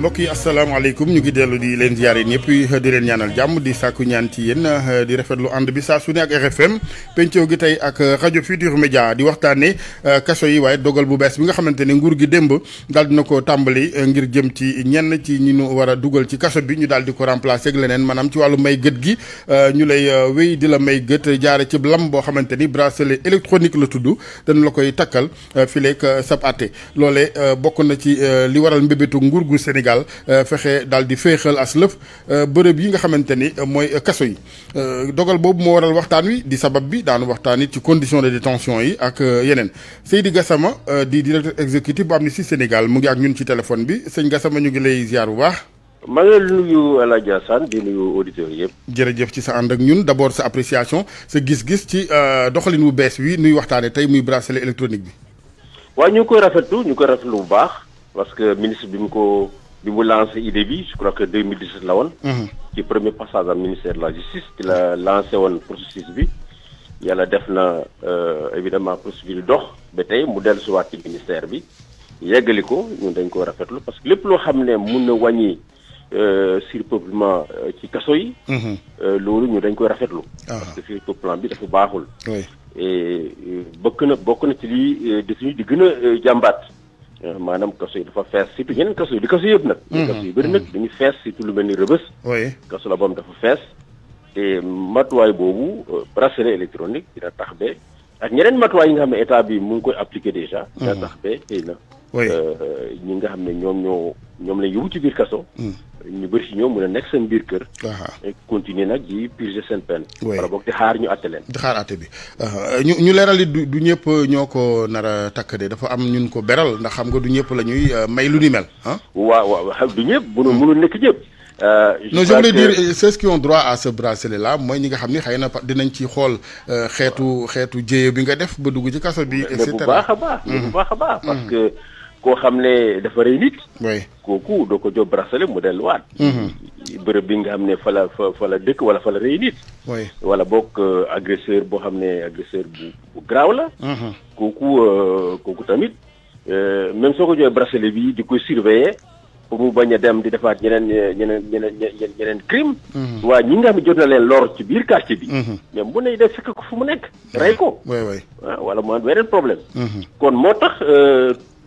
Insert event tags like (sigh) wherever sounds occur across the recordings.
mbokk yi asalaamaaleykum ñu ngi dellu di leen ziare ñëpp di leen ñaanal jàmm di sàkku ñaan ci yéen di rafetlu ànd bi saa su ne ak RFM pencoo gi tey ak rajo Futur Média di waxtaanee euh, kaso yi waaye dogal bu bees bi nga xamante ne nguur gi démb daal dina ko tàmbali euh, ngir jëm ci ñenn ci ñi ñu war a dugal ci kaso bi ñu daal di ko remplacer leneen maanaam ci wàllu may gët gi euh, ñu lay wéy di la may gët jaare ci lam boo xamante ni bracelet électronique la tudd dañu la koy takkal fileeg sab atte loole bokk na ci li waral mbébétu nguur gu Sénégal Sénégal euh, fexé dal di féexal as lëf euh, bërëb yi nga xamanteni euh, moy kasso kaso yi dogal bobu mo waral waxtan wi di sabab bi daanu waxtani ci condition de détention yi ak yenen Seydi Gassama di directeur exécutif bu Amnesty Sénégal mu ngi ak ñun ci téléphone bi sëñ Gassama ñu ngi lay ziar bu baax. ma ngi nuyu El Hadj di nuyu auditeur yëpp. jërëjëf ci sa ànd ak ñun d' abord sa appréciation sa gis-gis ci doxalin wu bees wi nuy waxtaanee tey muy bracelet électronique bi. waaw ñu koy rafetlu ñu koy rafetlu bu baax parce que ministre bi mu ko bi mu lancé idée je crois que 2017 la est mhm. ci premier passage le ministère de la justice qui la lancé woon processus bi yàlla def na euh, évidemment processus bi dox ba tey mu dellusiwaat Il ministère bi yeggali ko ñun dañ ko rafetlu parce que lépp loo xam ne mun na euh, sur peuplement euh, ci kaso yi. Mhm. loolu ñu dañ koy rafetlu. Ah. parce que surpeuplement bi dafa baaxul. et bokk na bokk na ci de defuñu di gën a jàmbaat. Eh, maanaam kaso yi dafa fees surtout yeneen kaso yi di kaso yëpp nag. Mhm. kaso yu bëri nag dañuy fees surtout lu mel ni rëbës. oui kaso la boobu dafa fees. te matuwaay boobu euh, bracelet électronique dina tax ba ak ñeneen matuwaay yi nga xam ne état bi mu ngi koy appliqué déjà. dina mhm. tax ba xëy na. Euh, ñi nga xam ne ñoom ñoo ñoom lañ yóbbu ci biir kaso. Hmm. ñu bëri si ñoom mën a nekk seen biir kër. continuer nag di purger seen peine. wala boog di xaar ñu àtte leen. di xaar àtte bi ñu ñu leeral it du ñëpp ñoo ko nar a takk de dafa am ñun ko beral ndax xam nga du ñëpp la ñuy euh, may lu ni mel ah. waaw waaw du ñëpp. mënu mënu hmm. nekk ñëpp. Euh, non je voulais dire ceux qui ont droit à ce bracelet là mooy ñi nga xam ni xëy na dinañ ci xool xeetu xeetu jéye bi nga def ba dugg ci kaso bi. et cetera bu baax a baax. bu hmm. baax a baax parce que. ko xam dafa reuy nit. koku do ko job bracelet mu delluwaat. Mhm. bërëb bi nga xam ne fa la fa fa la dëkk wala fa la rëy nit. wala bok euh, agresseur bo xam agresseur bu bu garaaw hmm koku euh, koku tamit euh même soko ko joxee bracelet bi di ko surveiller. pour mu baña dem di defat ñeneen ñeneen ñeneen ñeneen crime. Mhm. wa ñi nga xam ne jot lor ci bir quartier bi. ñoom mhm. bu ne def fekk ko fu mu nek ray ko. waaw wala mu am beneen problème. kon motax euh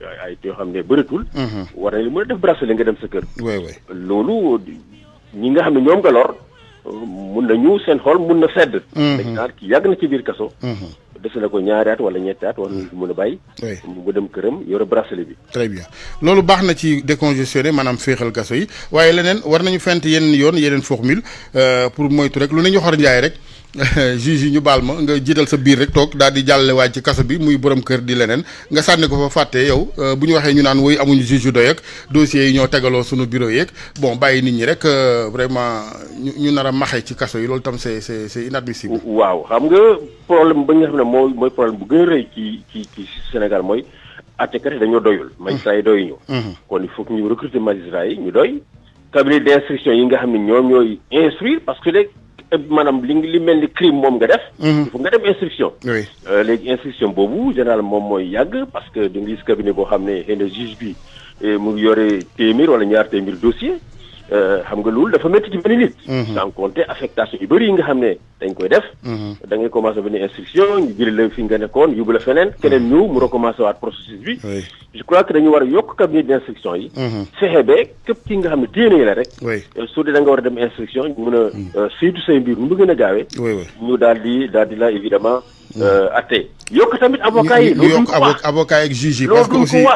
yooyu ay yoo xam ne bëreetul. Mhm. war nañu mën a def bracelet nga dem sa kër. waay waay loolu ñi nga xam ne ñoom nga lor mun nañu seen xool mun na sedd. Mhm. dañu yàgg na ci biir kaso. Mhm. dese na ko ñaaraat at wala ñetti at war nañu mën a bàyyi. mu dem këram yore bracelet bi. très bien loolu baax na ci décongestionner maanaam féexal kaso yi waaye leneen war nañu fent yenn yoon yeneen formule euh, pour moytu rek lu ne ñu njaay rek. (laughs) juge ñu baal ma nga jiital sa biir rek tok daal di jàllale waay ci kaso bi muy borom kër di leneen nga sànni ko fa fàtte yow euh, bu ñu waxee ñu naan woy amuñu juge yu doy ak dossiers yi ñoo tegaloo suñu bureau yeeg bon bàyyi nit ñi rek euh, vraiment ñu ñu nar a maxe ci kaso yi loolu tam c'est c'est c'est inadmissible. waaw xam nga problème ba nga xam ne mooy mooy problème bu gën a rëy ci ci ci Sénégal mooy àttekat yi dañoo doyul. Mm-hmm. magistrat yi doyuñu. Mm-hmm. kon il faut que ñu recruter magistrat yi ñu doy. cabinet d'instruction yi nga xam ne ñoom ñooy instruire parce que manam li li mel crime mom nga def. Mhm. il faut nga dem instruction. oui euh, les instructions bobu général mom moy yàgg parce que da nga cabinet bo xamné ne juge bi eh, mu ngi yore wala ñaar témir dossier. Euh, xam nga loolu dafa metti ci benn nit. Mhm. sans compter affectation yu bëri yi nga xam ne dañ koy def. Mhm. da ngay commencé benn instruction ñu jëlee la fi nga nekkoon yóbbu la feneen keneen mhm. ñëw mu recommencé waat processus bi. je crois que dañu war a yokk cabinet d' instruction yi. fexe ba képp ki nga xam ne téye nañ la rek. Euh, su dee da nga war a dem instruction ñu mën a euh, saytu say mbir mu gën a gaawee. ñu daal di daal di la évidemment. Euh, atte yokk tamit avocat yi. loolu duñ ko wax avocat ak juge yi. parce que aussi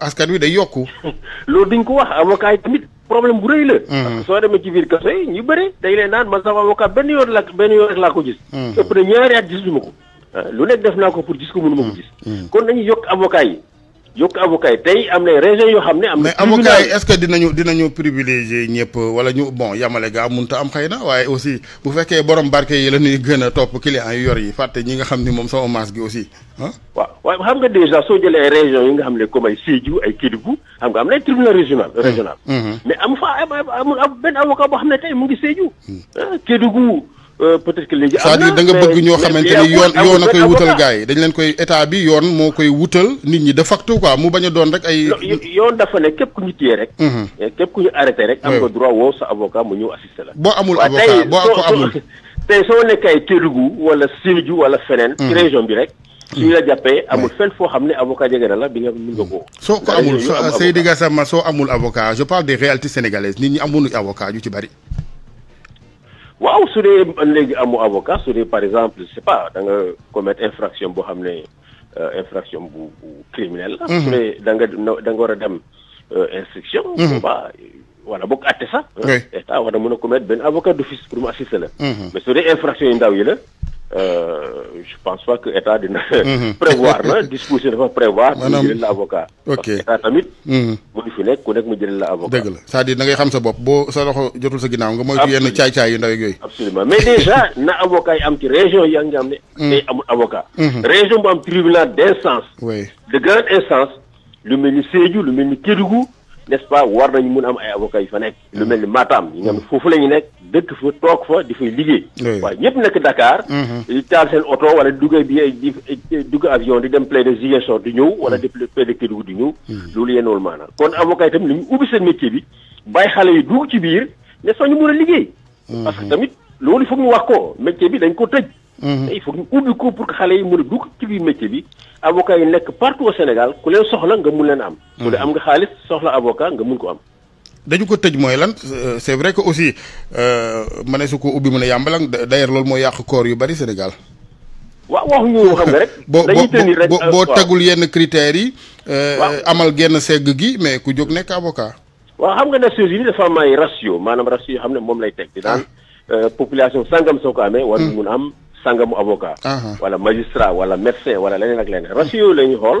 askan wi day yokku. (laughs) loolu duñ ko wax avocat yi tamit problème bu rëy la. Hmm. soo demee ci biir kaso e ñu bëri day leen naan man sama avocat benn yoon la benn yoon rek laa ko gis. Hmm. ëpp na ñaari at gisuma ko. Euh, lu nekk def naa ko pour gis ko mënuma ko hmm. gis. kon nañu yokk avocat yi. yokk avocat yi tey am na région yoo xam ne. am na mais avocat yi est dinañu dinañu privilégier ñëpp wala ñu bon yamale gaa munta am xëy na waaye aussi bu fekkee borom barke yi la ñuy gën a topp client yu nga xam ni moom sama maas gi aussi ah. waaw waaye xam soo jëlee ay yi nga xam ne comme ay Sédhiou ay Kédougou xam nga am na ay tribunal régional mm. régional. Mm-hmm. mais am fa amul benn avocat boo xam ne tey mu ngi Sédhiou. Mm. Ah, Kédougou. Euh, peut-être que léegi. am na cest à bëgg ñoo xamante ne yoon yoon a koy wutal gars yi dañ leen koy état bi yoon moo koy wutal nit ñi de facto quoi mu bañ a doon rek ay. yoon dafa képp ku ñu téye rek. Mhm. Eh, képp ku ñu arrêté rek. am nga droit woo sa avocat mu ñëw boo amul avocat boo ko amul tey soo nekkee Kédougou wala Sédhiou wala feneen. Mhm. région bi rek. su ñu la mhm. jàppee amul fenn foo xam ne avocat jege la bi nga mun nga koo. soo ko amul Seydi Gassama soo amul avocat je parle des réalités sénégalaises nit ñi amuñu avocat yu ci bari waaw su dee léegi amu avocat su dee par exemple je sais pas da nga commettre infraction boo xam ne euh, infraction bu bu criminelle la. Mhm. su dee da nga da nga war a dem euh, instruction. Mhm. boobaa wala bokk àtte sax. Euh, état war a mën a commettre benn avocat d'office pour mu assister la. Mhm. mais su dee infraction yu ndaw yi la euh, je pense pas que état dina (laughs) mhm. prévoir na disposition dafa prévoir maanaam l'avocat. ok état tamit mu mhm. ngi fi nek ku nekk mu jël l'avocat. avocat dëgg la cest à da ngay xam sa bop bo sa loxo jotul sa ginnaaw nga moy moytu yenn chaay chaay yu ndaw yoy. absolument mais déjà (laughs) na avocat yi am ci région yi yaa ngi am amul avocat mhm. région bu am tribunal d'instance oui de grande instance le mel ni le lu mel n'est-ce pas war nañu mun am ay avocats yu fa nekk. lu mel ni mm-hmm. Matam yi nga xam foofu la ñu nekk dëkk fa toog fa di fay liggéey. waaye ñëpp nekk Dakar. Mm-hmm. di taal seen oto wala dugg bi di dugg avion di dem plaider Ziguinchor di ñëw wala mm-hmm. di plaider Kédougou di ñëw. loolu yéenewul maanaam kon avocats yi tam li ñu ubbi seen métier bi bàyyi xale yi dugg a liggéey. parce que tamit loolu foog ñu wax ko métier bi dañ ko tëj. Mhm. te il faut ñu ubbi ko pour que xale yi mën a dugg ci biir métier bi avocat yi partout au Sénégal ku leen soxla nga leen am. ku leen mhm. am nga xaalis soxla avocat nga mun ko am. dañu ko tëj mooy lan euh, c'est vrai que aussi euh, ma ne su ko ubbi mën d'ailleurs loolu mooy yàq koor yu bari Sénégal. wax ñu xam nga rek. (laughs) dañuy tenir rek euh, yenn yi. amal genn gi mais ku avocat. xam nga Nations Unies dafa am ratio maanaam ratio yoo xam lay teg di daan ah. population sangam soo am. sangamu avocat. wala magistrat wala médecin wala leneen ak leneen ratio yooyu la xool.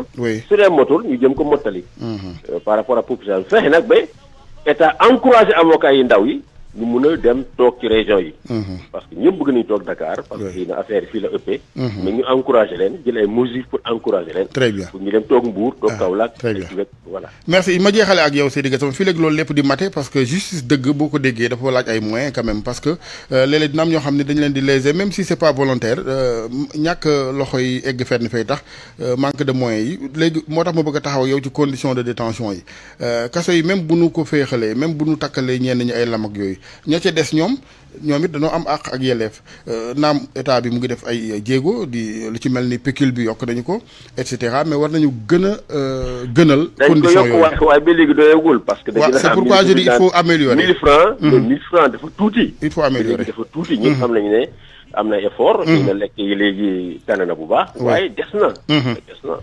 su dee motul ñu jëm ko mottali. Mhm. Euh, par rapport ak population fexe nag ba état encouragé avocat yi ndaw yi. ñu mun dem toog ci région yi. Mhm. parce que ñëpp bëgg nañu toog Dakar. parce que na affaire yi fii la ëppee. Mhm. mais ñu encouragé leen jël ay mesures pour encouragé leen. très bien pour ñu dem toog Mbour toog ah, Kaolack. très bien voilà. merci ma jeexale ak yow Seydi Gassama fii léegi loolu lépp di mate parce que justice dëgg boo ko déggee dafa laaj ay moyens quand même parce que euh, léeg-léeg dina am ñoo xam ne dañu leen di léser même si c'est pas volontaire euh, ñàkk loxo yi egg fenn fay tax euh, manque de moyens yi léegi moo tax ma bëgg a taxaw yow ci condition de détention yi kaso yi même bu nu ko féexalee même bu nu takkalee ñenn ñi ay lam ak yooyu ña ca des ñoom ñoom it am ak ak yelleef euh, nam état bi mu ngi def ay djégo di lu ci melni ni pécule bi yok nañu ko et cetera mais war nañu gëna a euh, gënal. condition yo dañ ko yokk waaye ba léegi doyagul parce que. dañu c'est pourquoi je dis il faut améliorer 1000 francs. 1000 mhm. francs dafa touti il faut améliorer dafa touti ñi mhm. xam lañu né am na effort. ñu mhm. ne lekk yi léegi tane bu baax. waaye dess na. dess na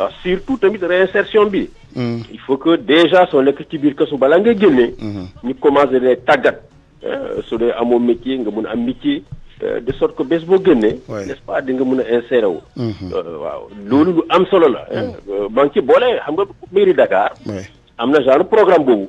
ah, surtout tamit réinsertion bi. Mm. il faut que déjà soo nekk ci biir kasu balaa nga génnee. Mm-hmm. ñu commencé day tàggat. Euh, su dee amoo métier nga mun a am métier. Euh, de sort ko bés boo génnee. n'est-ce pas di nga mun a insérer wu. Mm-hmm. Euh, waaw loolu lu am solo la. maa mm. ngi ci boole xam nga mairie Dakar. am na genre programme boobu.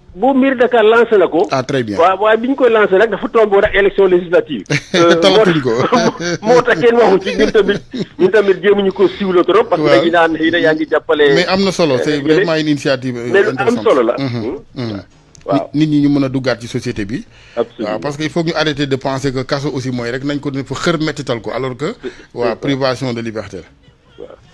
bu mbir Dakar lancé na ko. ah très bien waaw waaye bi ñu koy lancé nag dafa tombé woon élection législative. (laughs) Euh, talatuñ ko (laughs) moo tax kenn waxu ci ñun tamit ñun tamit jéemuñu ko siwlo trop. parce que dañu naan yi da yaa ngi jàppale. mais am na solo c'est euh, vraiment une initiative. Euh, intéressante am solo la. Mhm, hmm? mhm. waaw nit ñi ñu mën a duggaat ci société bi. waaw parce que il faut que ñu arrêter de penser que kaso aussi mooy rek nañ ko def xër mettital ko alors que. waaw privation de liberté la.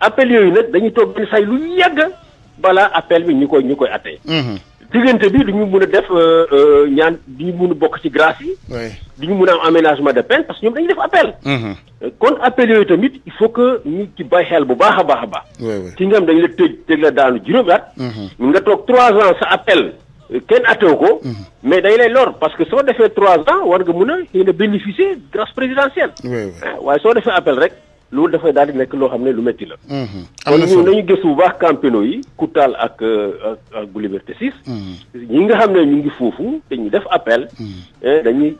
appel yooyu nag dañuy toog benn say lu yàgg balaa appel bi ñu koy ñu koy attee mhm. diggante bi du ñu mun a def euh, euh, ñaan du ñu mun a bokk ci grâce yi du ñu mun a am aménagement de peine parce que ñoom dañuy def appel mhm. euh, kon appel yooyu tamit il faut que ñu ci bay xel bu baax a baax a baax ci nga xam dañu la tëj tëj la daanu juróomi at mhm. nga toog trois ans sa appel kenn attew ko mais dañ lay lor parce que soo defee trois ans war nga mun a xëy na bénéficier grâce présidentielle ah, waaye soo defee appel rek loolu dafay daal di nekk loo xam ne lu métti la. Mhm. am na solo ñu nañu bu baax campéno yi Koutal ak euh, ak bu Liberté 6. Mhm. ñi nga xam ne ñu ngi foofu te ñu def appel. Mhm. Eh, dañuy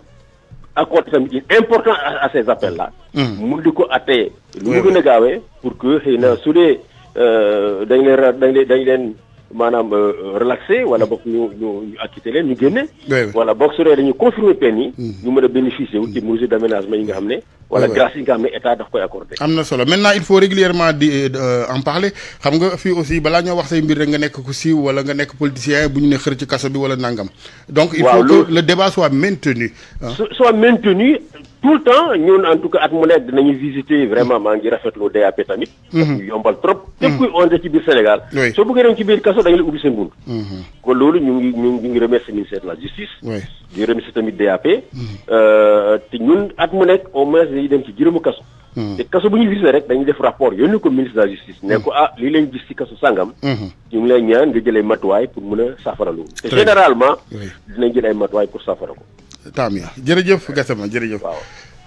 accorder tamit une importance à ces appels là. mun di ko attee. lu mu gën a gaawee pour que xëy na su dee euh, dañ leen dañ leen dañ leen. manam euh, relaxé wala boog ñu ñu acquitté leen ñu gënné wala boog su dee confirmer peine yi. Hmm. ñu mëna bénéficier wu ci mesure d' yi nga xamné ne. wala grâce yi nga xam état daf koy accorder amna solo maintenant il faut régulièrement di euh, euh, en parler xam nga fi aussi bala ñoo wax say mbir rek nga nekk ku siiw wala nga nekk politicien bu ñu ne xër ci kasso bi wala nangam. donc il faut que le débat soit maintenu. Hein. soit maintenu. tout le temps ñun en tout cas at mu nekk dinañu visiter vraiment maa ngi rafetlu DAP tamit. mu nekk au moins dañuy dem ci juróomi kaso. Mhm. te kaso bu ñu visité rek dañuy def rapport yónni ko ministre de la justice. ne ko mhm. ah lii lañ gis ci kaso sangam. Mhm. ñu ngi lay ñaan nga jëlee matuwaay pour mën a saafara loolu. généralement. dinañ jël ay matuwaay pour saafara ko. Tamia jërëjëf Gassama jërëjëf. waaw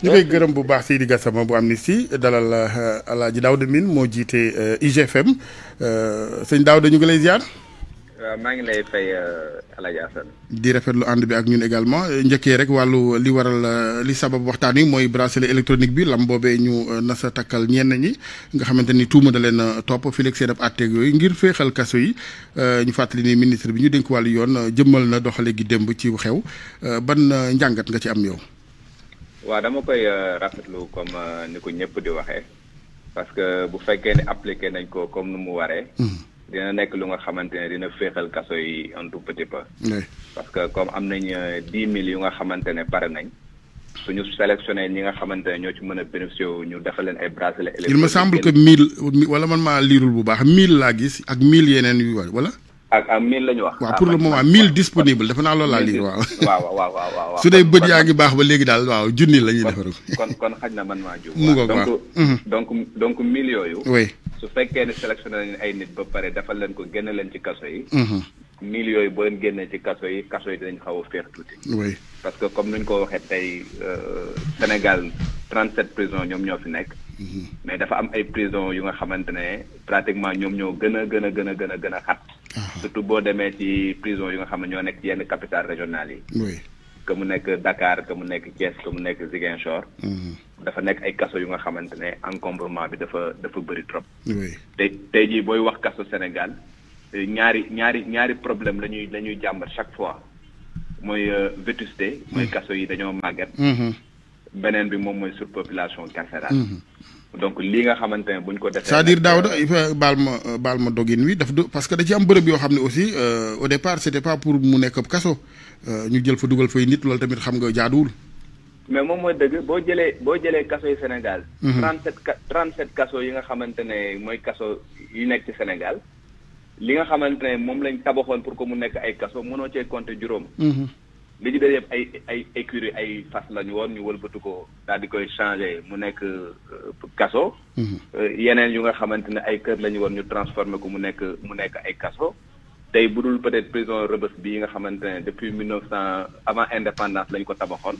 ñu koy gërëm bu baax Seydi Gassama bu si dalal euh, Alaaji Daouda Mine moo jiite euh, IGFM euh, sëñ Daouda ñu ngi lay ziar. Euh, maa ngi lay fay euh, El Hadj di rafetlu ànd bi ak ñun également euh, njëkkee rek wàllu li waral li sabab waxtaan wi mooy bracelet électronique bi lam boobee ñu nasa takkal ñenn ñi nga xamante ni tuuma da leen topp seen ab yooyu ngir féexal kaso yi ñu fàttali ni ministre bi ñu dénk wàllu yoon jëmmal na doxale gi démb ci xew ban njàngat nga ci am yow. waaw dama koy rafetlu comme ni ko ñëpp di waxee parce que bu fekkee appliqué nañ ko comme nu mu waree. Hmm. dina nekk lu nga xamante ne dina féexal kaso yi un tout petit peu. parce que comme am nañ euh, dix mille yu nga xamante ne pare nañ. suñu sélectionné ñi nga xamante ne ñoo ci mën a bénéficié wu ñu defal leen ay bracelet. il ma semble que mille wala man maa liirul bu baax mille laa gis ak mille yeneen yu wala. ak ak la ñu wax. waaw pour le ah, moment mille disponible dafa naa loolu laa liir waaw. waaw waaw waaw (laughs) su dee bët yaa ngi baax ba léegi daal waaw junni la ñuy defaru kon kon xaj na man maa jóg. (laughs) mu ngoog waaw donc mhm. donc donc mille su fekkee ne sélectionné nañu ay nit ba pare defal leen ko génne leen ci kaso yi. Mhm. mille yooyu boo leen génnee ci kaso yi kaso yi dinañ xaw a tuuti. oui parce que comme ni ñu ko waxee tey euh, Sénégal 37 prisons ñoom ñoo fi nekk. Mhm. mais dafa am ay prison yu nga xamante ne pratiquement ñoom ñoo gën a gën a gën gën a gën a xat. surtout boo demee ci prison yu nga xam ne ñoo nekk yenn capital régionale yi. oui que mu nekk Dakar que mu nekk Thiès que mu nekk Ziguinchor. Mhm. dafa nekk ay kaso yu nga xamante ne encombrement bi dafa dafa bëri trop. tey tey jii booy wax kaso Sénégal eh, ñaari ñaari ñaari problème la ñuy la jàmbat chaque fois mooy euh, vétusté mooy mm. kaso yi dañoo màgget. Mm-hmm. beneen bi moom mooy surpopulation carcérale. Mm-hmm. donc lii nga xamante ne buñ ko defee. cest à daaw Daouda euh, baal ma euh, baal ma dogin wi daf du parce que da ci am bërëb yoo xam ne aussi au départ c'était pas pour mu nekk kaso ñu jël fa dugal fay nit loolu tamit xam nga jaaduwul. mais moom mooy dëgg boo jëlee boo jëlee kaso yi Sénégal. 37 mhm. ka 37 kaso yi nga xamante ne mooy kaso yi nekk ci Sénégal li nga xamante ne moom lañ tabaxoon pour que mu nekk ay kaso mënoo cee compter juróom. Mhm. li ci des ay ay écurie ay fas lañu woon ñu wëlbatu ko daal di koy changé mu nekk euh, kaso. Mhm. Euh, yeneen yu nga xamante ne ay kër lañu woon ñu transformé ko mu nekk mu nekk ay kaso. tey bu dul peut-être prison Rebeuss bii nga xamante ne depuis 1900 avant indépendance lañ ko tabaxoon.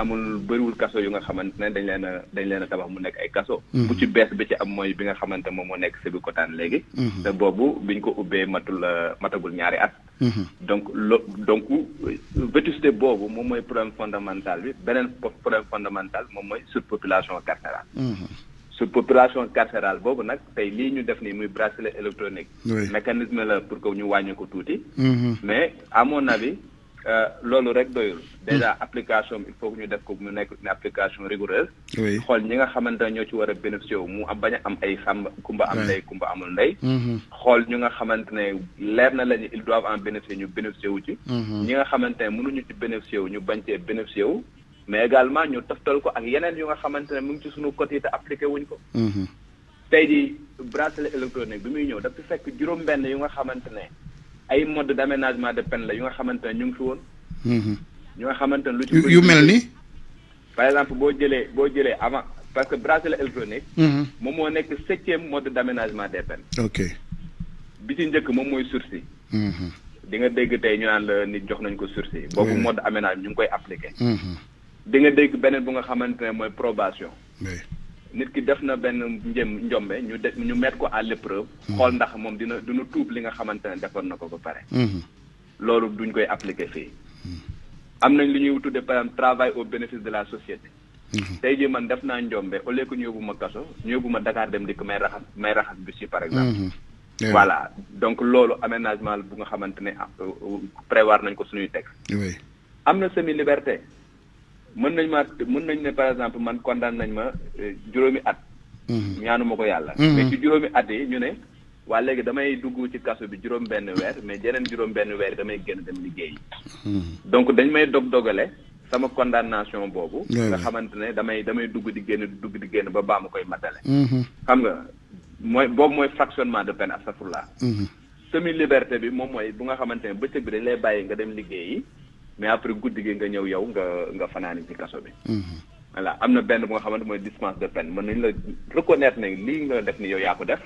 amul bëriwul kaso yu nga xamante ne dañ leen a leen a tabax mu nekk ay kaso mm-hmm. bu ci bees bi ci am mooy bi nga xamante moom moo nekk Sébikotane léegi mm-hmm. te boobu biñ ko ubbee matul euh, matagul ñaari at mm-hmm. donc lo donc vétusté boobu moom mooy problème fondamental bi beneen problème fondamental moom mooy sur surpopulation carcérale surpopulation carcérale boobu nag tey lii ñu def nii muy bracelet électronique mécanisme la pour que ñu wàññi ko tuuti mais à mon avis Euh, loolu rek doyul. Hmm. déjà application il faut que ñu def ko mu nekk une application rigoureuse. xool ñi nga xamante ne ñoo ci war a bénéficié wu mu bañ a am ay sàmm. kumba am ndey kumba amul ndey. Hmm. xool ñu nga xamante ne leer na la ñu ils doivent en bénéficier ñu bénéficié wu ci. Hmm. ñi nga xamante ne mënuñu ci bénéficié wu ñu bañ cee bénéficié wu. mais également ñu toftal ko ak yeneen yu nga xamante ne mu ngi ci suñu côté te appliqué wuñ ko. tey jii bracelet électronique bi muy ñëw daf fekk juróom-benn yu nga xamante ne. ay mode d' aménagement de peine la yu nga xamante ne ñu ngi fi woon. ñu mhm. nga xamante ne lu ci. yu mel ni. par exemple boo jëlee boo jëlee avant parce que bracelet électronique. Mhm. moom moo nekk septième mode d' aménagement des peines. ok bi ci njëkk moom mooy sursis. Mhm. di nga dégg tey ñu naan la nit jox nañ ko sursis. boobu mode aménagement ñu ngi koy appliqué. di nga dégg beneen bu nga xamante ne mooy probation. nit ki def na benn njëm njombe ñu de ñu mettre ko à l'épreuve hmm. xool ndax moom dina dina tuub li nga xamante ne defoon na ko ba pare hmm. loolu duñ koy appliquer fii hmm. am nañ lu ñuy tudde par travail au bénéfice de la société tey jii man def naa njombe au lieu ñu yóbbu ma kaso ñu yóbbu ma Dakar dem dikk may raxas may raxas bis yi par exemple voilà donc loolu aménagement bu nga xamante ne euh, euh, prévoir nañ ko suñuy texte am na semi liberté mën nañ ma mën nañ ne par exemple man condamné nañ ma euh, juróomi at. Mhm. ñaanu ma ko yàlla. Mhm. mais ci juróomi at yi ñu ne. waa léegi damay dugg ci kaso bi juróom benn weer mais yeneen juróom benn weer damay génn dem liggéey. Mhm. donc dañ may dog dogale sama condamnation boobu. nga xamante ne damay damay dugg di génn dugg di génn ba baa ma koy matale. xam nga mooy boobu mooy fractionnement de peine astafurlah. semi liberté bi moom mooy bu nga xamante ne bëccëg bi dañ lay bàyyi nga dem liggéeyi. mais après guddi gi nga ñëw yow nga nga fanaani ci kaso bi. Mhm. voilà am na benn bu nga xamante mooy dispense de peine mën nañ la reconnaître ne lii nga def ni yow yaa ko def.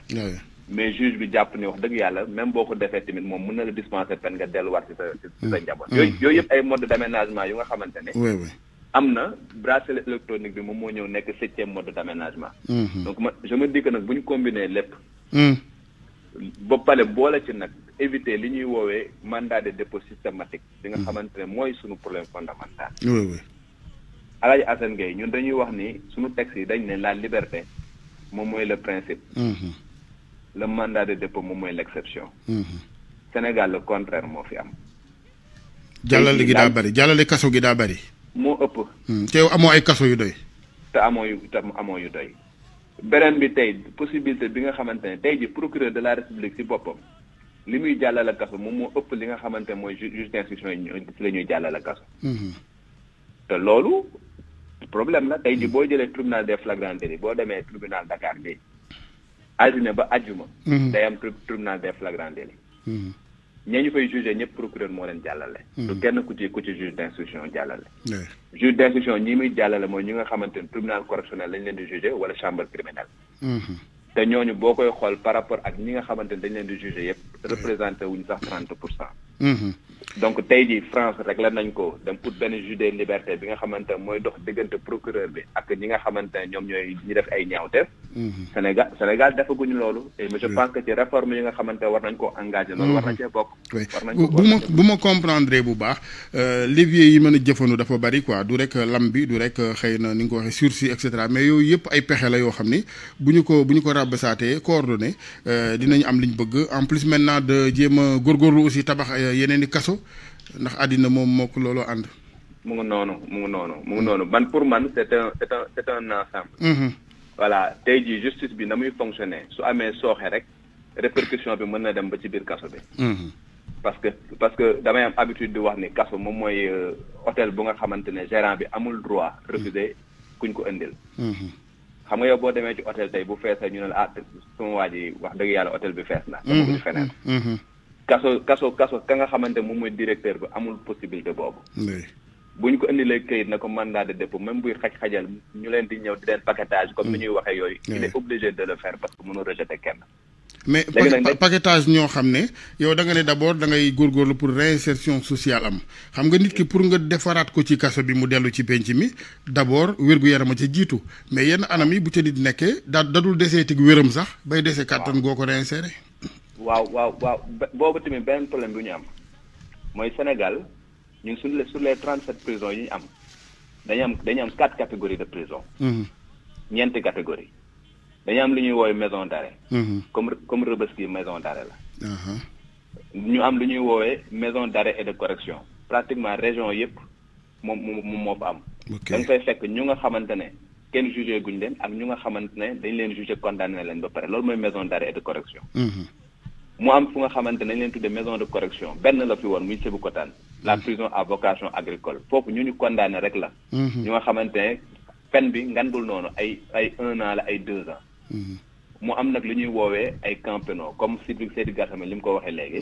mais juge bi jàpp ne wax dëgg yàlla même boo ko defee tamit moom mën na la dispenser peine nga delluwaat ci sa ci sa mhm. njaboot. yooyu mhm. yooyu yëpp ay mode d'aménagement yu nga xamante ne. am na bracelet électronique bi moom moo ñëw nekk septième mode d'aménagement. donc ma je ma dis nag bu ñu combiner lépp. ba pare boole ci nag. éviter li ñuy woowee mandat de dépôt systématique. bi nga mhm. xamante ne problème fondamental. oui oui. ñun dañuy ni texte la liberté moom le principe. Mhm. le mandat de dépôt moom l'exception. exception. Mhm. Sénégal le contraire moo fi am. jàllale gi te yu doy. te possibilité bi nga procureur de la république li muy jàllale kaso moom moo ëpp li nga xamante mooy juge d'instruction yi ci la ñuy jàllale kaso mm-hmm. te loolu problème la tey ji boo jëlee tribunal des flagrants délits boo demee tribunal Dakar bi altine ba ajjuma mm-hmm. day am tribunal des flagrants délits mm-hmm. ñee ñu fay jugé ñëpp procureur moo leen jàllale lu kenn ku ci ku ci juge d'instruction jàllale juge d'instruction ñi muy jàllale mooy ñi nga xamante ne tribunal correctionnel lañ leen di jugé wala chambre criminelle te ñooñu boo koy xool par rapport ak ñi nga xamante ne dañ leen di jugé yëpp représenté wuñ sax trente pour cent mm-hmm. donc tey jii France rek la nañ ko dem pour benn juge des libertés bi nga xamante ne mooy dox déggante procureur bi ak ñi nga xamante ne ñoom ñooy ñi def ay ñaawteef Mm-hmm. Sénégal Sénégal defaguñu loolu et je pense que ci réforme yi nga xamanté war nañ ko engager loolu war na ci bok war nañ bu ma comprendre bu baax euh levier yi mën a dafa bari quoi du rek euh, lam bi du rek euh, xeyna ni nga waxe sursi et cetera mais yoy yëpp ay pexé la yo xamni buñu bu ñu ko bu ñu ko rabasaatee coordonné euh, dinañ am liñ bëgg en plus maintenant de jéem gorgorlu aussi tabax yeneen i kaso ndax adina mom moko lolo and ànd mu ngi noonu mu ngi noonu mu ngi noonu man pour man c'est un c'est un c'est un ensemble mm-hmm. voilà la justice bi na fonctionner su amee sooxe rek répercussion bi mën na ba ci bi. Mm-hmm. parce que parce que damay am habitude di wax ni kaso moom mooy euh, hôtel bu nga gérant bi droit refuser kuñ ko un mm-hmm. xam nga yow ci hôtel tey bu feesee ñu ne la ah de hôtel bi na. Mm-hmm. directeur bi possibilité buñ ko indi kayit na ko mandat de dépôt même buy xaj xajal ñu leen di ñëw di leen paquetage comme ni ñuy mm. waxee yooyu il est obligé de le faire parce que mënu rejeter kenn mais paquetage ñoo xam ne yow da nga ne d' da ngay góorgóorlu pour réinsertion sociale am xam nga nit ki pour nga defaraat ko ci kaso bi mu dellu ci penc mi d' abord wérgu yaram ca jiitu mais yenn anam yi bu ca nit nekkee da dadul desee tig wéram sax bay dese kàttan goo ko réinséré waaw waaw waaw boobu tamit benn problème bu ñu am Sénégal ñun sur les sur les 37 prisons yi ñu am dañu am dañu am quatre catégories de prison. Mm-hmm. ñeenti catégories dañu am lu ñuy woowee maison d'arrêt. Mm-hmm. comme comme Rebeuss maison d'arrêt la. Uh-huh. ñu am lu ñuy woowee maison d'arrêt et de correction pratiquement région yépp moom moom moo fa am. da nga fay fekk ñu nga xamante ne kenn jugé guñ leen ak ñu nga xamante ne dañ jugé condamné leen ba pare loolu maison d'arrêt et de correction. Mm-hmm mu am fu nga xamante nañ leen tudde maison de correction benn la fi woon muy Sébikotane la mhm. prison à vocation agricole foofu ñu ñu condamné rek la mhm. ñu nga xamante ne peine bi ngandul noonu ay ay un an la ay deux ans mhm. mu am nag lu ñuy woowee ay camp pénal comme Sidiki Seydi Gassama li mu ko waxee léegi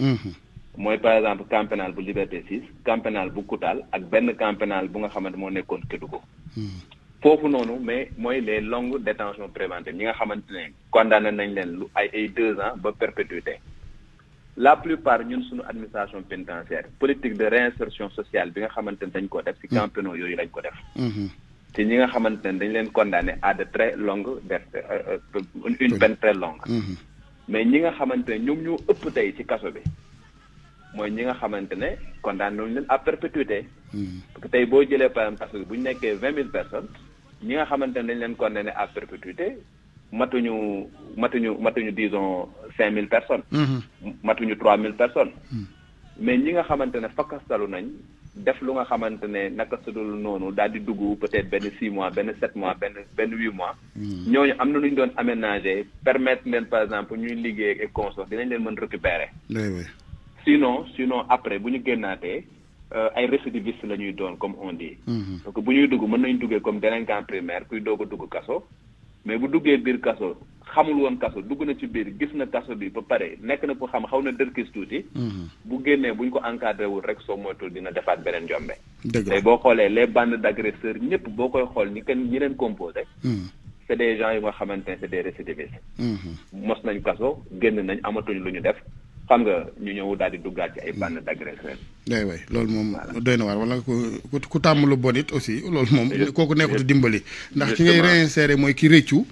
mooy par exemple camp pénal bu Liberté 6 camp pénal bu Koutal ak benn camp pénal bu nga xamante moo nekkoon Kédougou foofu noonu mais mooy les longues détention préventive ñi nga xamante ne condamné nañ leen lu ay ay deux ans ba perpétuité la plupart ñun suñu administration pénitentiaire politique de réinsertion sociale bi nga xamantene dañ ko def ci mm. campement yooyu lañ ko def mm-hmm. te ñi nga xamantene dañ leen condamné à de très longues euh, euh, euh, une peine très longue mm-hmm. mais ñi nga xamantene ne ñoom ñoo ëpp tey ci kaso bi mooy ñi nga xamantene ne condamné leen à perpétuité mm-hmm. parce que tey boo jëlee par exemple kaso bi bu ñu nekkee vingt mille personnes ñi nga xamantene dañ leen condamné à perpétuité matuñu matuñu matuñu disons cinq mille personnes mhm. matuñu trois personnes mhm. mais ñi nga nañ def lu nga xamantene naka sudul nonu dal peut-être ben mois ben sept mois ben huit mois mhm. am doon aménager permettre par exemple ñuy récupérer sinon sinon après buñu gennaté des euh, ay nous comme on dit donc nous, dugg mën nañ duggé comme primaire kuy mais bu duggee biir kaso xamul woon kaso dugg na ci biir gis na kaso bi ba pare nekk na ko xam xaw na dërkis tuuti. Mhm. bu génnee bu ñu ko encadré wul rek soo moytuwul dina defaat beneen jombe. dëgg boo xoolee les bandes d' agresseurs ñëpp boo koy xool ni kenn ñi leen composé. Mhm. c' est des gens yu nga xamante ne c' est des récidivistes. Mhm. mos nañ kaso génn nañ amatuñ lu ñu def xam nga ñu ñëw daal di duggaat ci ay bandes d' day eh way lol mom doyna war wala ko ku tam lu bon it aussi loolu moom kooku nekkatu dimbali ndax ki ngay réinsérer moy ki réccu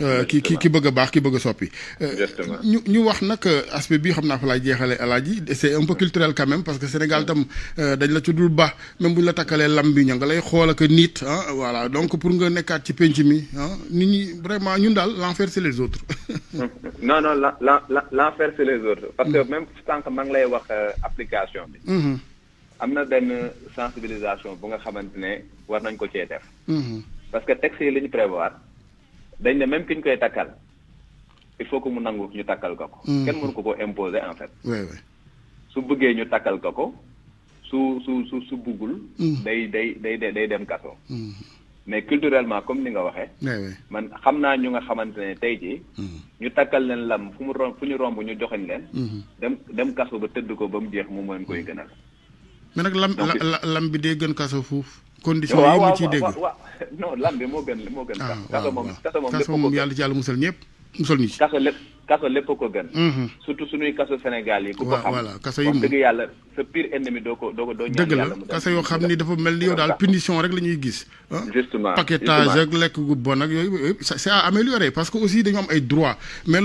euh, ki ki ki bëgg baax ki bëgg soppi euh, ñu ñu wax nak euh, aspect bi xamna fa la jéxalé alaaji c'est un peu culturel quand même parce que Sénégal tam dañ la ci dul baax même buñ la takalé lamb bi ñanga lay xol ak nit hein voilà donc pour nga nekkaat ci pench mi ah nit ñi vraiment ñun dal l'enfer c'est les autres (laughs) non non la la l'enfer c'est les autres parce que mm. même sànq maa ngi lay wax application bi mm-hmm. am na benn sensibilisation bu nga xamante ne war nañ ko cee def. Mm-hmm. parce que texte yi li ñu prévoir dañ ne même ki koy takkal il faut que mu nangu ñu takkal ko ko. Mm-hmm. kenn mënu ko ko imposer en fait. su bëggee ñu takkal ko ko su su su su buggul. Mm-hmm. day day day day dem kaso. mais culturellement comme ni nga waxee. man xam naa ñu nga xamante ne tey jii. ñu takkal leen lam fu mu rom fu ñu romb ñu joxañ leen. dem dem kaso ba tëdd ko ba mu jeex mu mën koy gënal. mais nak lam lam bi gën condition yi mu ci non ah. paquetage c'est parce que aussi droit mais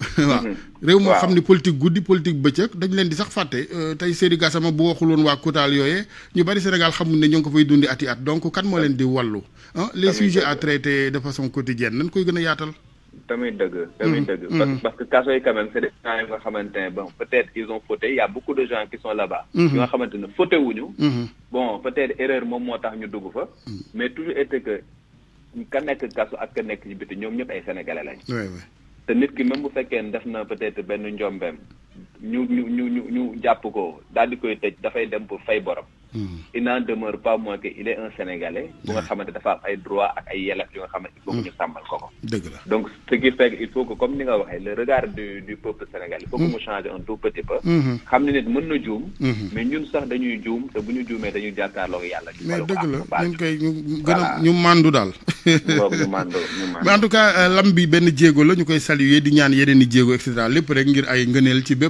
(laughs) waaw mhm. réew moo xam ne politique guddi politique bëccëg dañ leen di sax fàtte euh, tey Seydi gasama bu waxuloon waa Koutal yooyee ñu bari Sénégal xamul ne ñu ngi ko fay dundi ati at donc kan moo leen di wàllu hein? les sujets à traiter de façon quotidienne nañ koy gën a yaatal tamit dëgg tamit mhm. dëgg mhm. parce que kaso yi quand même c'est des gens yi nga xamante ne bon peut-être ils ont fauté il y a beaucoup de gens qui sont là-bas ñu nga xamante ne fauté wuñu bon peut-être erreur moom moo tax ñu dugg fa mais toujours été que ka nekk kaso ak ka nekk ci biti ñoom ñëpp ay sénégalais lañ te nit ki même bu fekkee def na peut-être benn njombeem ñu ñu ñu ñu japp ko dal di koy tëj dafay dem pour fay borom. Hmm. il n'en demeure pas moins que il est un sénégalais. bu nga xamante dafa am ay droit ak ay yelef yu nga xamante il faut ñu hmm. sàmmal ko ko. dëgg la donc ce qui fait il faut que comme ni nga waxee le regard du du peuple sénégalais. il faut que hmm. mu changer un tout petit peu. xam ne nit mën na juum. mais ñun sax dañuy juum te bu ñu juumee dañuy jàkkaarloog yàlla. mais dëgg la ñu koy ñu gën a ñu mandu daal. mais en tout cas euh, lam bi benn jéego la ñu koy saluer di ñaan yeneen i jéego et cetera lépp rek ngir ay ngëneel ci bépp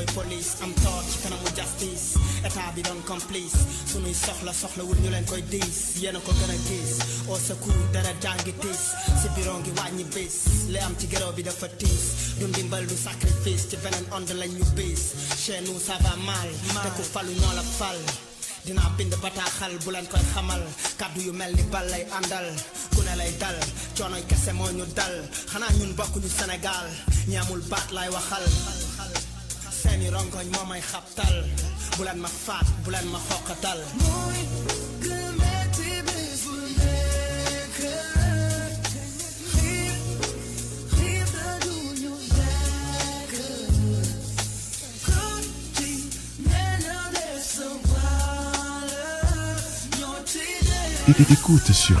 koy police am tort ci kanamu justice état bi doon complice sunuy soxla soxlawul ñu leen koy diis yéen ko gën a gis au secours dara jàngi tiis si biro ngi wàññi bis li am ci géréw bi dafa tiis du ndimbal du sacrifice ci beneen onde lañ ñu bis chez nous ça va mal te ku falu ñoo la fal dinaa bind bataaxal bu leen koy xamal kàddu yu mel ni bal lay àndal ku ne lay dal coonoy kese moo ñu dal xanaa ñun bokkuñu Sénégal ñi amul baat lay waxal seeni rongoñ moo xabtal bu ma écoute sur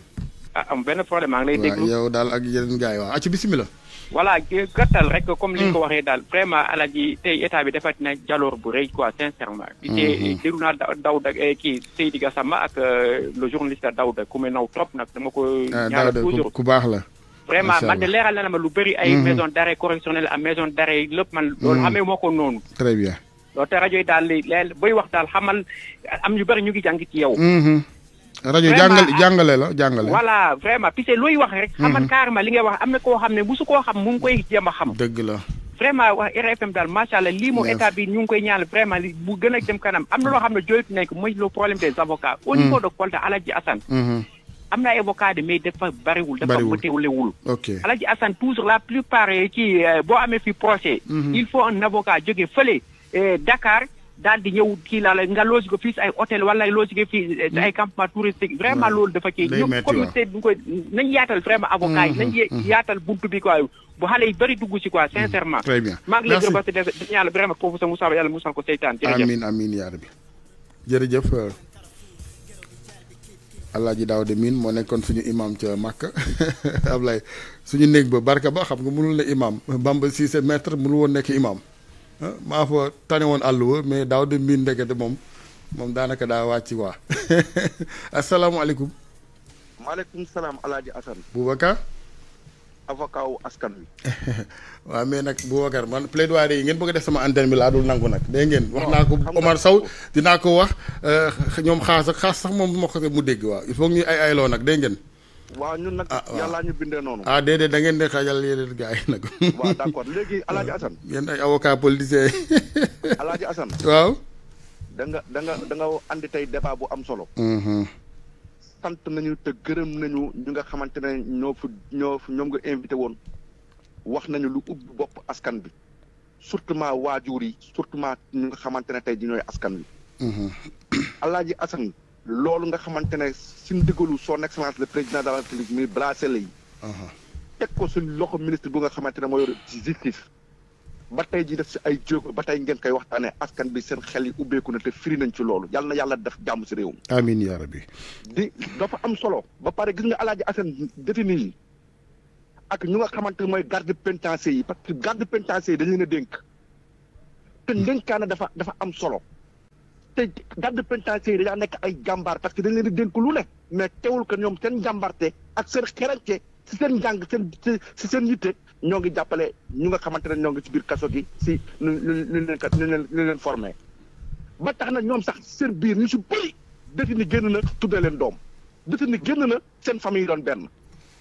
ah am benn problème maa ngi lay déglu yow daal ak yeneen gars yi waaw ah, ci bisimilah. voilà gàttal rek comme li nga ko hmm. waxee daal vraiment alaji tey état bi defati na jaloor bu rëy quoi sincèrement. bi hmm, tey déglu hmm. naa Daouda eh, kii Seydi Gassama ak euh, le journaliste Daouda ku may naw trop nag dama ko. Ah, ñaar toujours ku baax la. vraiment man de leeral na ma lu bëri ay maison d'arrêt correctionnelle ak maison d'arrêt lépp man. loolu moo ko noonu. très bien. loolu te rajo yi daal li leel buy wax daal am ñu bëri ñu ngi jàng ci yow. radio jangal jàngale la jàngale. voilà vraiment puis loy wax rek. Mhm. xamal carrément li nga wax amna ko xamné xam ne bu su koo xam mu ngi koy jema xam. deug la. vraiment wax RFM dal machallah li mo état bi ñu ngi koy ñaanal vraiment bu gën a dem kanam amna lo xamné xam ne jooytu nañ le problème des avocats. au mhm. niveau de Kolda Alaji Assane. Mhm. am na avocat de mais dafa bariwul. dafa bëteewulewul. wul Alaji Assane toujours la plupart ci euh, bo amé fi procès. il faut un avocat jóge fële euh, Dakar. daal di ñëw kii laa la nga loge ko fii si ay hôtel wala loge ko fii si hmm. ay campement touristique vraiment hmm. loolu dafa kii ñu koy nañ yaatal vraiment hmm. avocat yi nañ yaatal buntu bi quoi bu xale yi bëri dugg si quoi sincèrement très bien maa ngi lay gërëm di ñaan vraiment foofu sa Moussa yàlla musal ko seytaan jërëjëf amiin amiin yaa rabbi jërëjëf euh, Alaaji de Mine moo nekkoon suñu imam ca Màkka (laughs) Ablaye suñu néeg ba barka ba xam nga mënul ne imam Bamba Cissé maître metre woon nekk imam maa fa tane woon àll wa mais daaw de mbiin ndekete moom moom daanaka daa wàcc waa (laughs) asalaamualeykum. maaleykum salaam El Hadj Assane. Boubacar. avocat wu askan wi. (laughs) waaw mais nag Boubacar man plaidoirie yi ngeen bëgg a def sama antenne bi laa dul nangu nag. dégg ngeen wax naa ko Omar Sow dinaa ko wax euh, ñoom xaas ak xaas sax moom moo ko mu dégg waa il faut ñuy ay ayloo nag dégg ngeen. waaw ñun nag. ah yàllaa ñu bindee noonu. ah déedéet da ngeen di xajal yeneen gars yi nag. waaw d' léegi El (laughs) Hadj Assane. yéen ay avocat politicien yi. El (laughs) Hadj Assane. waaw. da nga da nga da nga andi tey débat bu am solo. Mm-hmm. sant nañu te gërëm nañu ñu nga xamante ne ñoo fi ñoo ñoom nga invité woon wax nañu lu ubbi bopp askan bi surtout ma waajur yi surtout ma ñu nga xamante ne tey ji ñooy askan bi. El Hadj Assane. loolu nga xamante ne si ndigalu soo excellence le président de la république muy bracelet yi. Uh-huh. teg ko si loxo ministre bu nga xamante ne moo yor ba tey ji def si ay jéego ba tey ngeen koy waxtaanee askan bi seen xel yi ubbeeku na te firi nañ ci loolu yàlla na yàlla def jàmm si réew mi. amiin yaa rabbi. di dafa am solo. ba pare gis nga alaaji Assane détenu yi ak ñu nga xamante ne mooy garde pénitencier yi parce que garde pénitencier yi dañ leen a dénk. te hmm. ndénkaane dafa dafa am solo. te garde pénitentiaire yi dañaa nekk ay jàmbaar parce que dañ leen di dénk lu ne mais teewul que ñoom seen jàmbaarte ak seen xerañte si seen njàng si seen yitte ñoo ngi jàppale ñu nga xamante ne ñoo ngi si biir kaso gi si leen leen nu leen formé ba tax na ñoom sax seen biir ñu si bëri dëti ni génn na tuddee leen doom dëti ni génn na seen famille doon benn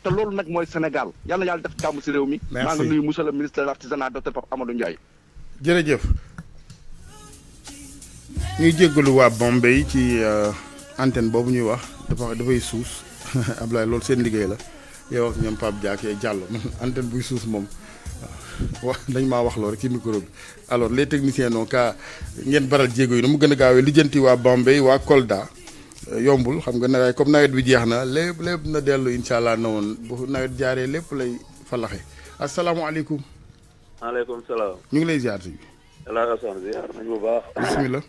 te loolu nag mooy Sénégal yal na yàlla def jàmm si réew mi maa ngi nuyu monsieur le ministre de l'artisanat docteur Pape Amadou Ndiaye jërëjëf ñuy jéggalu waa bombay ci euh, antenne boobu ñuy wax dafa dafay suus (laughs) ablaye loolu seen liggéey la yow ak ñoom pape diak yee jàll antenne buy suus moom wax dañ maa wax loolu ci micro bi alors les techniciens non ka ngeen baral jéego yi nu mu gën a gaawee lijjanti waa bombay waa kolda euh, yombul xam nga nawet comme nawet bi jeex na lépp lépp na dellu insha allah na woon bu nawet jaaree lépp lay falaxe asalaamaaleykum maaleykum salaam ñu ngi lay ziar si. alaa ziar nañ bu baax bismillah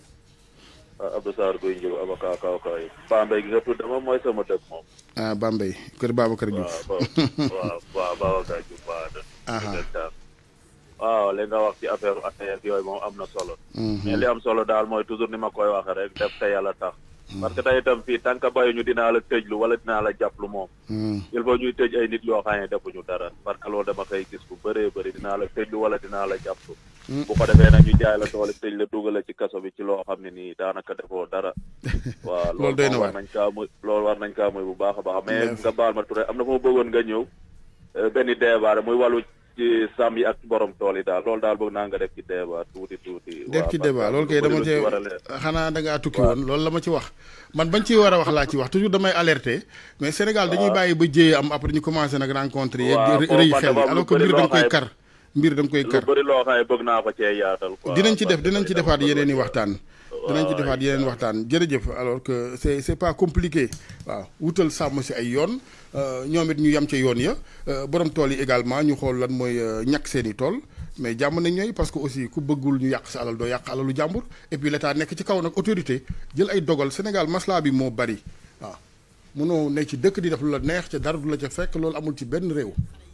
Abdou Sarr Guèye Ndiou avocat kaw kaw yi. Bambey gi nga tudd moom mooy sama dëkk moom. ah Bambey kër Babacar Diouf. waaw waaw Babacar Diouf waaw dëkk. waaw li nga wax ci affaire APS yooyu moom am na solo. Mhm. mais li am solo daal mooy toujours ni ma koy waxee rek def te yàlla tax. Mhm. parce que tey itam fii tant que bayuñu dinaa la tëjlu wala dinaa la jàpplu moom. Mhm. il faut ñuy tëj ay nit yoo xam defuñu dara parce que loolu dama koy gis bu bëree bëri dinaa la tëjlu wala dinaa la jàpp Hmm. bu ko defee nag ñu jaay la doole tëj la dugal la ci kaso bi ci loo xam ne nii daanaka defoo dara. (laughs) waaw loolu doy na nañ kaa muy loolu war nañ kaa muy bu baax a baax. mais nga baal ma Touré am na fu ma bëggoon nga ñëw. Eh, benn débat mooy wàllu ci sàmm yi ak borom tool yi daal lool daal bëgg naa nga def ci débat tuuti tuuti. def ci débat kay dama xanaa da loolu la ma ci wax. man bañ ci war a wax laa ci wax toujours damay alerter. mais Sénégal dañuy bàyyi ba jéyee am après ñu commencé nag rencontre yeeg rëy xel alors mbir dang koy kar lu bëri loo xam ne bëgg naa ko cee yaatal quoi dinañ ci def dinañ ci defaat yeneen i waxtaan dinañ ci defaat yeneen waxtaan jërëjëf alors que c'est c'est pas compliqué waaw wutal sàmm si ay yoon euh, ñoom it ñu yam ca yoon ya euh, borom tool yi également ñu xool lan mooy euh, ñàkk seen i tool mais jàmm nañ ñooy parce que aussi ku bëggul ñu yàq sa alal doo yàq alalu jàmbur et puis l'état nekk ci kaw nag autorité jël ay dogal Sénégal masla bi moo bari waaw mënoo ne ci dëkk di def lu la neex ca dara du la ca fekk loolu amul ci benn réew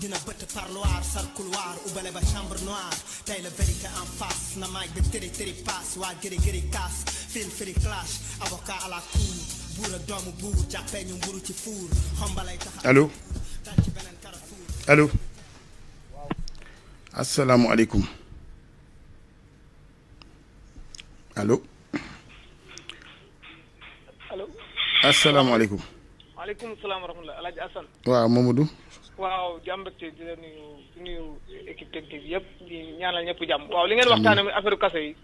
dina bëtt parloir sar couloir ubale ba chambre noire tey la vérité en face na de bi tëri tëri paas waa gëri gëri kaas firi clash avocat à la cour buur ak doomu buur jàppee ñu mburu ci fuur xombalay tax allo allo asalaamualeykum allo allo wa waaleykum assalam wa rahmatulah El Hadj Assane waaw Mamadou waaw jàmm te di la nuyu nuyu équipe technique bi yëpp di ñaanal ñëpp jàmm. waaw li ngeen waxtaanee muy affaire kaso yi.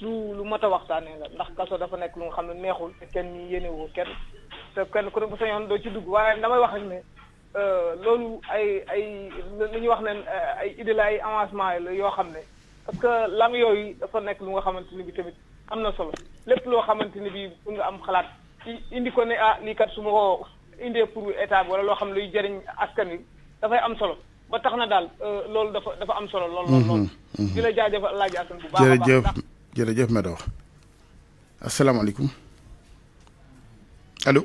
lu lu mat a waxtaanee la ndax kaso dafa nekk lu nga xam ne neexul te kenn ñu kenn kenn ku ne bu sañoon doo ci dugg waaye damay wax rek ne euh, loolu ay ay lu ñuy wax ne euh, ay idée la ay avancement la yoo xam ne parce que lam yooyu dafa nekk lu nga xamante ni bi tamit am na solo lépp loo xamante ni bi pour nga am xalaat indi ko ne ah lii kat su ma ko indee pour état bi wala loo xam ne luy jëriñ askan wi. dafay am solo ba tax na daal euh, loolu dafa dafa am solo. lool lool lool. Mm-hmm, mm-hmm. di la jaajëfal laaj asan bu baax a baax jërëjëf jërëjëf Médor. asalaamaaleykum allo.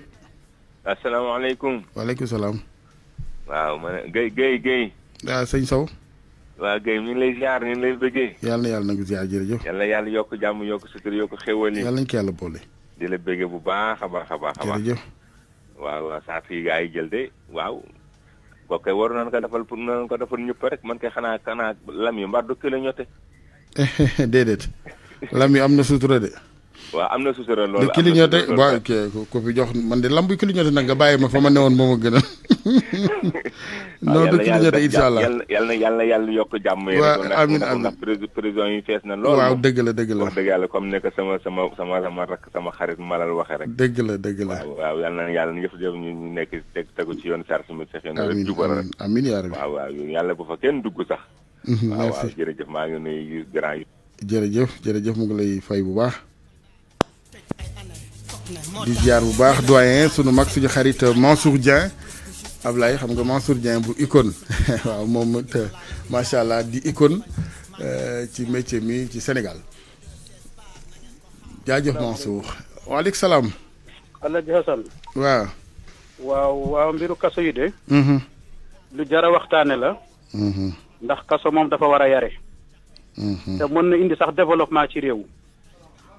asalaamaaleykum. waaleykum salaam. waaw man Guèye Guèye Guèye. Sow. waaw Guèye ñu ngi lay ziar ñu ngi lay bëggee. yàlla na yàlla na ko ziar jërëjëf. yàlla yàlla yokk jàmm yokk sutur yokk xéwal yi. yàlla nañu ko yàlla boole. di la bëggee bu baax a baax a baax jël de waaw. kooku kay waru nañ ko defal pour ko defal ñëpp rek man kay xanaa xanaa lam yi mbar du kële ñote (laughs) déedéet lam yi am na sutura de waaw am na sutura loolu. am na sutura ok ku fi jox man de lambu kiliñote nag nga bàyyi ma fa ma newoon moom a gën a. (laughs) (laughs) non du kiliñote incha allah yal na yal na yàlla yokk jàmm yi. amiin amiin ndax prison yi fees na lool. waaw dëgg la dëgg la wax dëgg yàlla comme ne sama sama sama sama rak sama xarit malal waxe rek. dëgg la dëgg la waaw yal na yàlla ñëpp ñu nekk tegu ci yoon sar sumit sax yoon rek jubal rek amiin yaa rabbi waaw waaw yàlla bu fa kenn dugg sax. Mhm, waaw waaw jërëjëf maa ngi nuyu grand yi. jërëjëf jërëjëf mu ngi lay fay bu baax di jaar bu baax doyen sunu mag suñu xarit Mansour Dieng Ablaye xam nga Mansour Dieng bu icône (laughs) waaw moom it euh, macha allah di icône euh, ci métier mi ci Sénégal jaajëf Mansour. waaleykum salaam. Alaaji Hasan. waaw. waaw waaw mbiru kaso yi de. Mm-hmm. lu jar a waxtaane la. Mm-hmm. ndax kaso moom dafa war a yare. Mm-hmm. te mën na indi sax développement ci réew.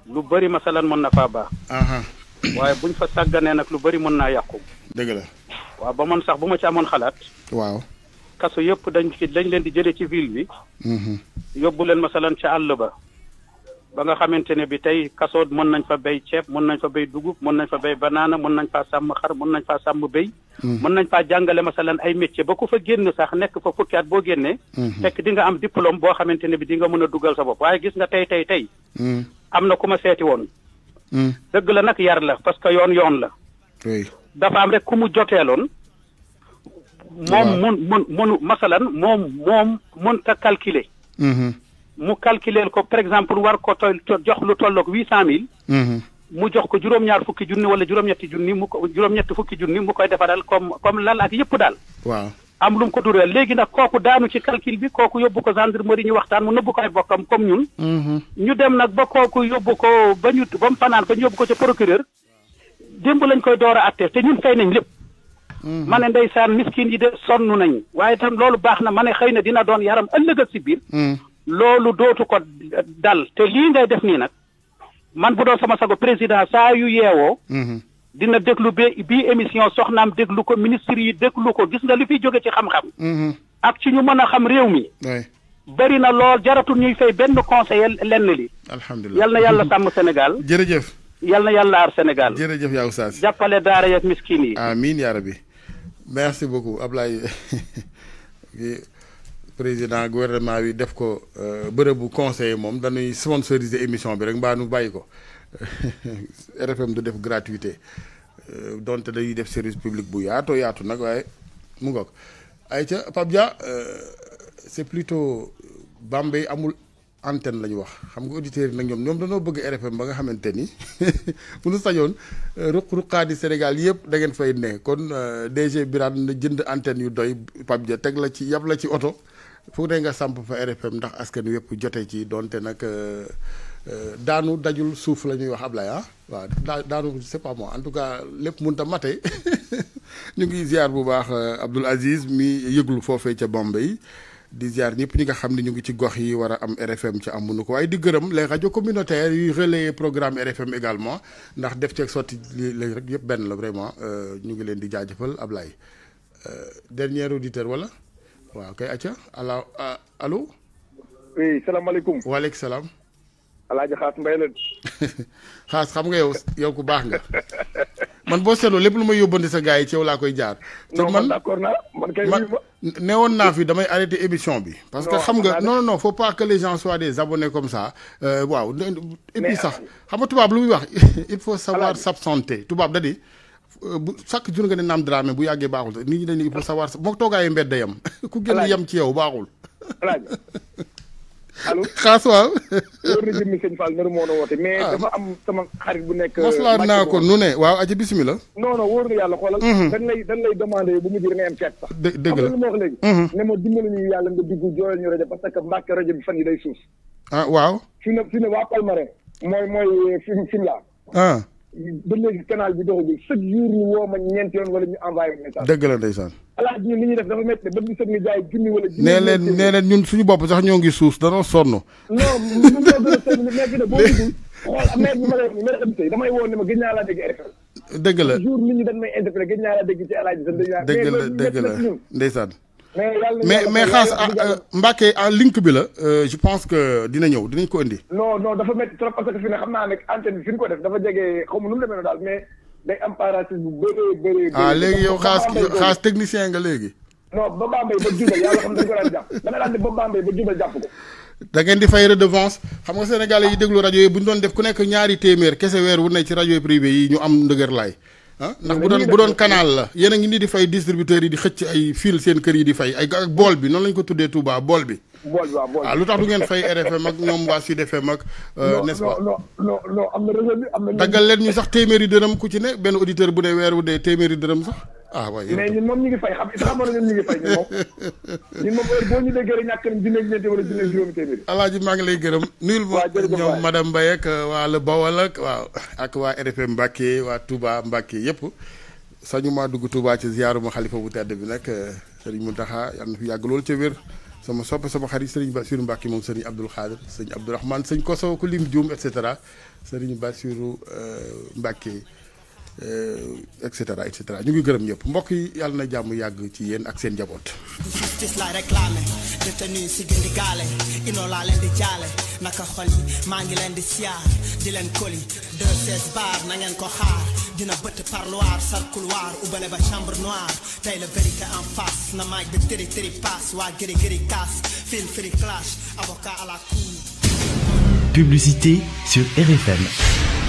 lu bëri masalan mën na faa baax. waaye bu ñu fa sàgganee nag lu bari mën naa yàqu. dëgg la. waaw ba man sax bu ma ci amoon xalaat. waaw. kaso yëpp dañ ci dañ leen di jëlee ci ville bi. Mm-hmm. yóbbu leen masalan ca àll ba. ba nga xamante ne bi tey kaso mën nañ fa béy ceeb mën nañ fa béy dugub mën nañ fa béy banaana mën nañ faa sàmm xar mën nañ faa sàmm béy. Mm-hmm. mën nañ faa jàngale masalan ay métier ba ku fa génn sax nekk fa fukki at boo génnee. Mm-hmm. fekk dinga nga am diplôme boo xamante ne bi di nga mën a dugal sa bopp waaye gis nga tey tey tey. am na ku ma seeti woon. dëgg la nag yar la parce que yoon yoon la. dafa am rek ku mu loon moom mun mun munu masalan moom moom mun ta calculer. Mm-hmm. mu calculer ko par exemple war ko toll jox lu tollook huit cent mille. Mm-hmm. mu jox ko juróom-ñaar fukki junni wala juróom-ñetti junni mu ko juróom-ñetti fukki junni mu koy defaral comme comme lal ak yëpp daal. waaw. am lu mu ko dural léegi nag kooku daanu ci calcul bi kooku yóbbu ko gendarmerie ñu waxtaan mu nëbbu ko ay bokkam comme ñun. Mhm. ñu dem nag ba kooku yóbbu ko ba ñu ba mu fanaan ko ñu yóbbu ko ca procureur démb lañ koy door a te ñun fay nañ lépp. Mhm. ma ne ndeysaan miskin yi de sonn nañ waaye tam loolu baax na ma ne xëy na dina doon yaram ëllëg ak si biir. Mhm. loolu dootu ko dal te lii ngay def nii nag man bu doon sama sago président saa yu yeewoo. dina déglu ba bii émission soxnaam déglu ko ministre yi déglu ko gis nga li fiy jóge ci xam-xam. Mhm. ak ci ñu mën a xam réew mi. bari na lool jaratul ñuy fay benn conseil lenn li. alhamdulilah yal na yàlla sàmm Sénégal. (laughs) jërëjëf. yal na yàlla aar Sénégal. jërëjëf yaa oustaz. jàppale daara yak miskin yi. amiin yaa merci beaucoup Ablaye (laughs) président gouvernement bi def ko euh, bërëbu conseil moom dañuy sponsoriser émission bi rek mbaa nu bàyyi ko. (laughs) RFM du def gratuité euh, donte dañuy def service public bu yaatoo yaatu nag waaye mu ngoog ayca Pape Dia euh, c'est plutôt Bambey amul antenne la wax xam nga auditeurs yi nag ñoom ñoom dañoo bëgg RFM ba nga xamante ni (laughs) bu nu sañoon euh, ruq-ruqaani Sénégal yëpp da ngeen fay ne kon DG Birane jënd antenne yu doy pab ja teg la ci yab la ci oto fu ne nga samp fa rpm ndax askan wi yëpp jote ci donte nag. Euh, daanu dajul suuf la ñuy wax Ablaye ah waaw daanu c'est pas moi en tout cas lépp mënut a mate (laughs) ñu ngi ziar bu baax euh, Abdoul Aziz mi yëglu foofee ca Bombay di ziar ñëpp ñi nga xam ne ñu ngi ci gox yi war a am RFM ci amuñu ko waaye di gërëm les rajo communautaires yuy relayer programme RFM également ndax def ceeg sotti léegi rek yëpp benn la euh, ñu ngi leen di jaajëfal Ablaye dernier auditeur wala waaw kay acca allo allo. oui salaamaaleykum. salaam. alaaji xaas mbay la (laughs) xaas xam nga yow yow ku baax nga man boo seetloo lépp lu may yóbbante sa gars yi ci yow laa koy jaar te man d'accord naa man kay ne woon naa fi damay arrêté émission bi parce que xam nga non non non faut pas que les gens soient des abonnés comme ça euh, waaw et puis sax euh, xam nga tubaab lu muy wax (laughs) il faut savoir s'absenter tubaab da di euh, bu chaque jour nga ne naam dramé bu yàggee baaxul nit ñi dañu il faut savoir mook toogaayu mbedd yam (laughs) ku génn yam ci yow baaxul allo xaas waaw. loolu la jëmmi sëñ Fall moo na woote. mais ah. dafa am sama xarit bu nekk. maslaat naa ko nu ne waaw aji bisimilah. non non wóor yàlla xoolal. Mhm. dañ lay dañ lay demandé bu mujj da am ceeb sax. dë dëgg la xam nga ma wax léegi. Mhm. ne ma dimbali ñu yàlla nga dugg jooyal ñu rajo parce que mbàkk rajo bi fan yi day suuf. ah waaw. fi ne waa Palmarin. mooy mooy Fimela. ah. ba léegi canal bi doxagul chaque jour ñu woo ma ñeenti yoon wala ñu envoyé message. dëgg la ndeysaan. alaaj ñun li ñuy def dafa métti ba bu sëb nga jaay junni wala. junni nee leen nee leen ñun suñu bopp sax ñoo ngi suus danoo sonn. non ñun ñoo gën a sonn mais que ne boo (laughs) duggul xool maire bi ma lay maire am tey damay woo ne ma gëj naa laa dégg RFM. dëgg la jour nit ñi dañ may interpellé gëj naa laa dégg ci alaaj bi sax. dëgg la dëgg la mais loolu mais mais khas ah, euh, Mbacke en ah, link bi la euh, je pense que dina ñew dinañ ko indi. non non dafa métti trop parce que fi ne xam naa antenne bi fi ko def dafa jege xaw ma nu mu demee mais day am paratisme bu bëree bëree. ah légui yow khas khas technicien nga légui non ba bambay ba jubal yalla xam dañ ko daan japp dama dal di ba bambay ba jubal japp ko. da ngeen di fay redevance xam nga sénégalais yi déglu rajo yi buñ doon def ku nekk ñaari téeméer kese weer wu ne ci rajo privé yi ñu am ndëgër lay ah ndax bu doon bu doon kanaal la yéen a ngi nii di fay distributeurs yi di xëcc ay fil seen kër yi di fay ay ak bool bi noonu lañ ko tuddee Touba bool bi. bool bi waaw bool ah, lu tax du ngeen fay RFM ak ñoom waa Sud FM mag euh, n'est-ce pas non non non am na réseau na. daggal leen ñu sax téeméeri dërëm ku ci ne benn auditeur bu ne weer wu dee téeméeri dërëm sax. ah waaye mais ñun moom ñu ngi fay xam xam nga ñun ngi fay ñun moom maa ngi lay gërëm nuyul mo ñoom madame euh, waa Le Bawol ak waaw ak waa RFM Mbacké waa Touba Mbacké yëpp sañu maa dugg tubaa ci ziyaaru xalifa bu tedd bi nag mu euh, Mountakha yàlla na fi yàgg loolu ca wér sama soppe sama xarit Serigne Bassirou Mbacké moom Serigne Abdoul Khadir Serigne Abdourahmane Serigne ko ku lim Dioum et cetera Serigne Bassirou euh, Mbacké Euh, et cetera et cetera ñu ngi gërëm ñëpp mbokk yi yàlla na jàmm yàgg ci yéen ak seen njaboot. justice la réclamé détenu si gindi gaale inoo laa leen di jaale naka xol yi maa ngi leen di siyaar di leen koli deux seize bar na ngeen ko xaar dina bëtt parloir sar couloir ubale ba chambre noire tey la vérité en face na maaj bi tëri tëri paas waa gëri gëri kaas fil firi clash avocat à publicité sur RFM.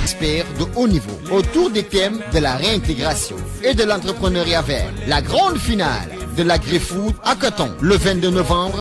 Experts de haut niveau autour des thèmes de la réintégration et de l'entrepreneuriat vert. La grande finale de la food à Coton le 22 novembre.